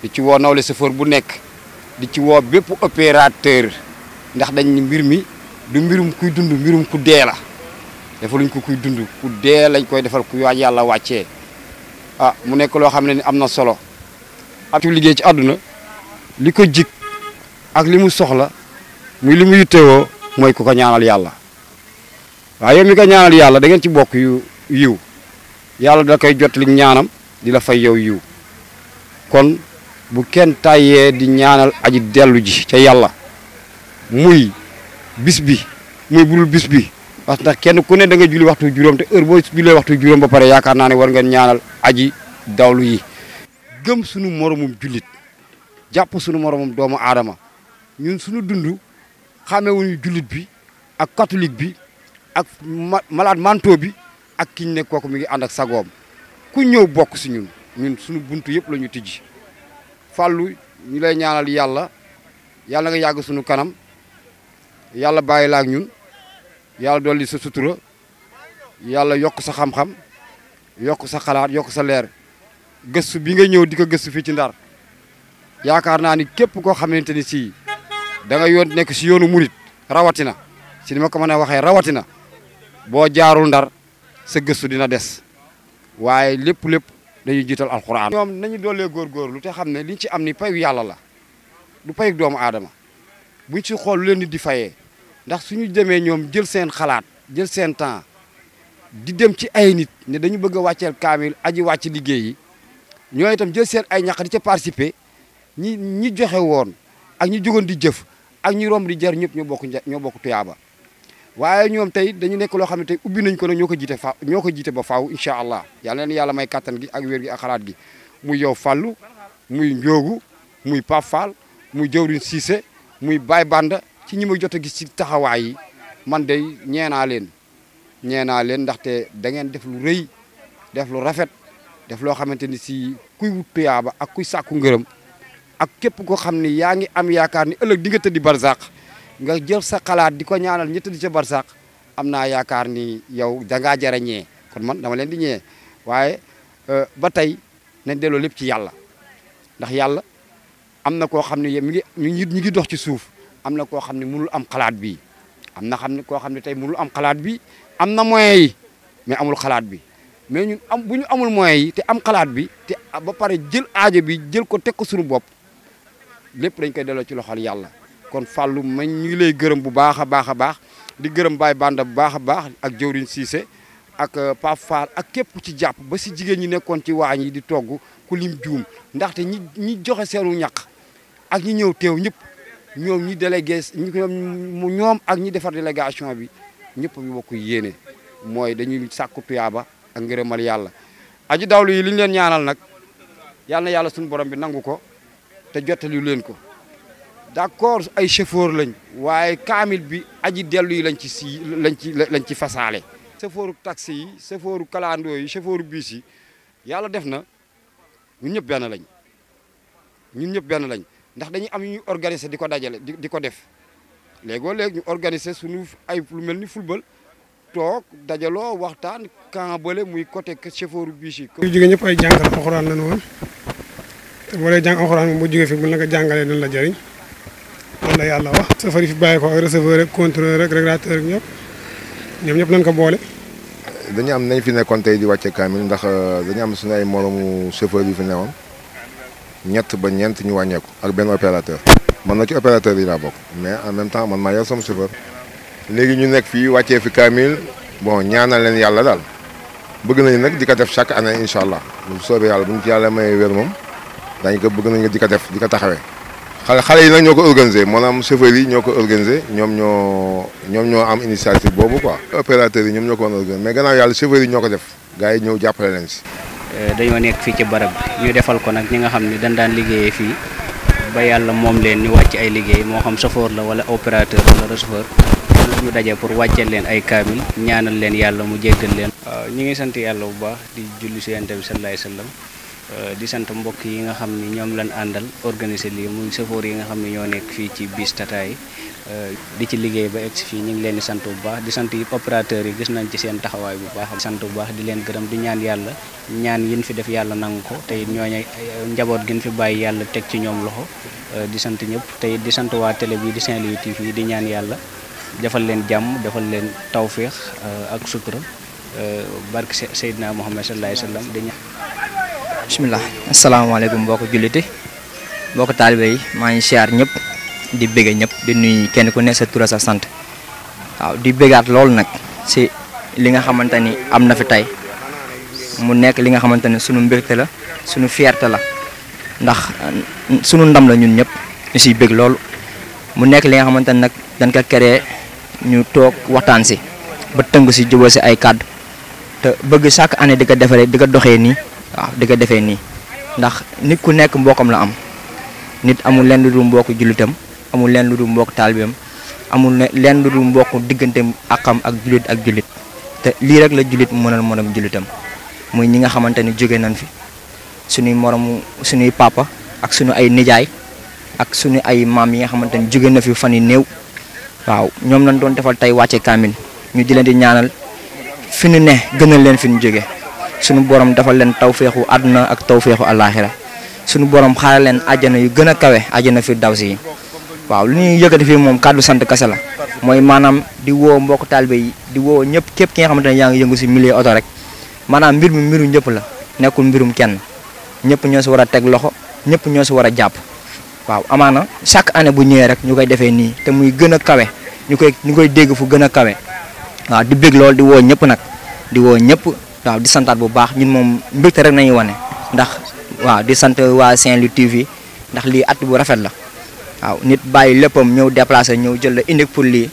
di ci woo nawle chauffeur bu nekk di ci woo bépp opérateur ndax dañ mbir mi du mbirum kuy dund mbirum ku dee la luñ ko kuy dund ku dee lañ koy defal ku waaj yàlla wàccee a ah, mu nekk loo xam ne ni am na solo am ci liggéey ci àdduna li ko jig ak li mu soxla muy li mu yittewoo mooy ku ko ñaanal yàlla waaw yow ko ñaanal yàlla dangeen ci bokk yu yiw yàlla da koy jot li ñaanam di la fay yow yiw kon bu kenn tayé di ñaanal aji delu ji ca yalla muy bis bi muy budul bis bi parce que waktu kenn ku ne da nga julli waxtu juróom te heure waxtu ba pare yaakar naa war nga ñaanal aji dawlu yi gëm sunu moromum julit japp sunu moromum doomu arama ñun sunu xamé wuñu julit bi ak catholique bi ak malade manto bi ak kiñ ne koku mi ngi and ak sagom ku ñew bok ñun ñun sunu buntu yépp lañu fàllu ñu lay ñaanal yàlla yàlla nga yàgg suñu kanam yàlla bàyyi la ak ñun yàlla dolli sa sutura yàlla yokk sa xam-xam yokk sa xalaat yokk sa leer gëstu bi nga ñëw di ko gëstu fii ci ndar yaakaar naa ni képp koo xamante ni si da nga yoon nekk si yoonu murit rawatina si ni ma ko mën a waxee rawatina boo jaarul ndar sa gëstu dina des waaye lépp lépp. dañuy jiital alxuraan. ñoom nañu doolee góorgóorlu te xam ne li ñu ci am ni payu yàlla la du payu doomu aadama buñ ci xool lu leen di fayee ndax su ñu demee ñoom jël seen xalaat jël seen temps di dem ci ay nit ne dañu bëgg a wàcceel kaamil aji wàcc liggéey ñoo itam jël seen ay ñaq di ca participer ñi ñi joxe woon ak ñi jógoon di jëf ak ñi romb di jar ñëpp ñoo ñoo bokk tuyaaba waaye ñoom tey dañu nekk loo xam ne tey ubbi nañ ko nag ñoo ko jiite fa ñoo ko jiite ba faaw incha allah yàlla leen yàlla may kattan gi ak wér gi ak xalaat gi muy yow fallu muy njoogu muy Pape Fall muy jawriñ Cissé muy Baye Banda ci ñi ma jot a gis ci taxawaay yi man day ñeenaa leen ñeenaa leen ndaxte da ngeen def lu rëy def lu rafet def loo xamante ni si kuy wut tuyaaba ak kuy sàkku ngërëm ak képp koo xam ni yaa ngi am yaakaar ni ëllëg di nga tëddi barzaq nga jël sa xalaat di ko ñaanal ñi tëdd ca barsax am naa yaakaar ni yow dangaa jara ñee kon man dama leen di ñee waaye euh, ba tey nañ delloo lépp ci yàlla ndax yàlla am na koo xam ne mi ngi ñu ngi dox ci suuf am na koo xam ne mënul am xalaat bi am na xam ne koo xam ne tey mënul am xalaat bi am na moyens yi mais amul xalaat bi mais ñun am bu ñu amul moyens yi te am xalaat bi te ba pare jël aajo bi jël ko teg ko suñu bopp lépp dañ koy delloo ci loxol yàlla kon fàllu ma ñu ngi lay gërëm bu baax a baax a baax di gërëm baay Banda bu baax a baax ak jëwriñ Cissé ak euh, Pape Fall ak képp ci jàpp ba si jigéen ñi nekkoon ci waañ yi di togg ku lim juum ndaxte ñi ñi joxe wu ñaq ak ñi ñëw teew ñëpp ñoom ñi délégué ñoom ak ñi defar délégation bi ñëpp bi bokk yéene mooy dañuy sàkku tuyaaba ak ngërëmal yàlla aji dawlu yi li ñu leen ñaanal nag yàlla yàlla suñu borom bi nangu ko te jottali leen ko d'accord ay chauffeur lañ waaye kaamil bi aji dellu yi lañ ci si lañ ci lañ ci fasaale. chauffeur taxi yi chauffeur kalandoo yi chauffeur bus yi yàlla def na ñun ñëpp benn lañ ñun ñëpp benn lañ ndax dañu am ñu organiser di ko dajale di di ko def léegoo léeg ñu organiser suñu ay lu mel ni football toog dajaloo waxtaan kambale muy côté chauffeur bus yi. yu jógee ñëpp ay jàngal alxuraan lañu woon te boo dee jàng alxuraan a jógee fi mën na ko jàngalee dañ la jëriñ. la yàlla wax safari fi bàyyi ko ak receveur ak contrôleur ak régulateur ak ñëpp ñoom ñëpp nañ ko boole dañu am nañ fi nekkoon tey di wàcce kaamil ndax euh, dañu am suñu ay moromu chauffeur yu fi newoon ñett ba ñeent ñu wàññeeku ak benn opérateur man na ci opérateur yi laa bokk mais en même temps man maa yor sama chauffeur léegi ñu nekk fii wàccee fi kaamil bon ñaanal leen yàlla daal bëgg nañu nag di ko def chaque année incha allah bu soobee yàlla bu ñu ci yàlla may wér moom daañu ko bëgg nañu di ko def di ko taxawee xale xale yi nag ñoo ko organisé maanaam chauffeurs yi ñoo ko organisé ñoom ñoo ñoom ñoo am initiative boobu quoi. opérateurs yi ñoom ñoo ko woon mais gannaaw yàlla chauffeurs yi ñoo ko def gars yi ñëw jàppale leen si. Euh, dañoo nekk fii ci barab ñu defal ko nag ñi nga xam ne dañ daan liggéeyee fii ba yàlla moom leen ñu wàcc ay liggéey moo xam chauffeur la wala opérateur wala receveur ñu daje pour wàcceel leen ay kaamil ñaanal leen yàlla mu jéggal leen. waaw ñu ngi sant yàlla bu baax di julli si yonent bi sallallahu alayhi wasallam Euh, di sant mbokk yi nga xam ni ñoom lañ àndal organiser lii muy sëfoor yi nga xam ne ñoo nekk fii ci bis Tata euh, di ci liggéey ba egsi fii ñu ngi leen di sant bu baax di sant yëpp yi gis nañ ci seen taxawaay bu baax sant bu baax di leen gërëm di ñaan yàlla ñaan yin fi def yàlla nangu ko te it ñooñu njaboot gin fi bàyyi yàlla teg ci ñoom loxo euh, di sant ñëpp te it di sant waa télé bi di Saint-Louis TV di ñaan yàlla defal leen jàmm defal leen tawféex ak sutura barke Seydina Muhammad sallallahu alayhi wa sallam bismillah Assalamualaikum. mbokk jullite mbokk talibé yi maa ngi nyep, ñëpp di bégé ñëpp di nuy kenn ku ne sa sa sant waaw di lool nak si li nga xamante amna fi tay mu nekk li nga xamante ni mbirté la sunu fierté la ndax suñu ndam la ñun ñëpp ci siy bëgg mu nekk li nga xamante nak dañ ka créé ñu tok waxtaan si ba tënk si jubal si ay kàddu te bëgg chaque année di ko di ko waaw diga defé ni ndax nit ku nekk mbokam la am nit amul lenn lu dul mbokk amul lenn lu mbokk amul lenn lu mbokk akam ak julit ak julit té li rek la julit mënal monam julitam muy ñi nga xamanteni joggé fi suñu morom suñu papa ak suñu ay nijaay ak suñu ay mamiya yi nga xamanteni joggé na fi fani new waaw ñom lañ doon defal tay wacce kamil ñu di leen di ñaanal fi ñu ne gënal leen fi ñu suñu borom defal len tawféexu àdduna ak tawféexu alakhirah suñu borom xala len aljana yu gëna kawé kawe fi dawsi. waaw lu ñuy yëkkati fi mom kaddu sante kese la mooy maanaam di wo mbokk taalibe yi di wo ñëpp képp ki nga xamantene ne yaa yëngu ci milier auto rek manam mbir mi mbiru ñëpp la nekkul mbirum kenn ñëpp ñoo ci wara loxo ñëpp ñoo ci wara japp waaw amana chaque année bu ñëw rek ñukay défé ni té muy gëna kawé kawe ñukay dégg fu gëna a kawe waaw di bëgg lool di wo ñëpp nak di wo ñëpp waaw di santaat bu baax ñun moom mbégte rek nañu wane ndax waaw di sant waa Saint-Louis TV ndax lii at bu rafet la waaw nit bàyyi léppam ñëw déplacé ñëw jël la indi pour lii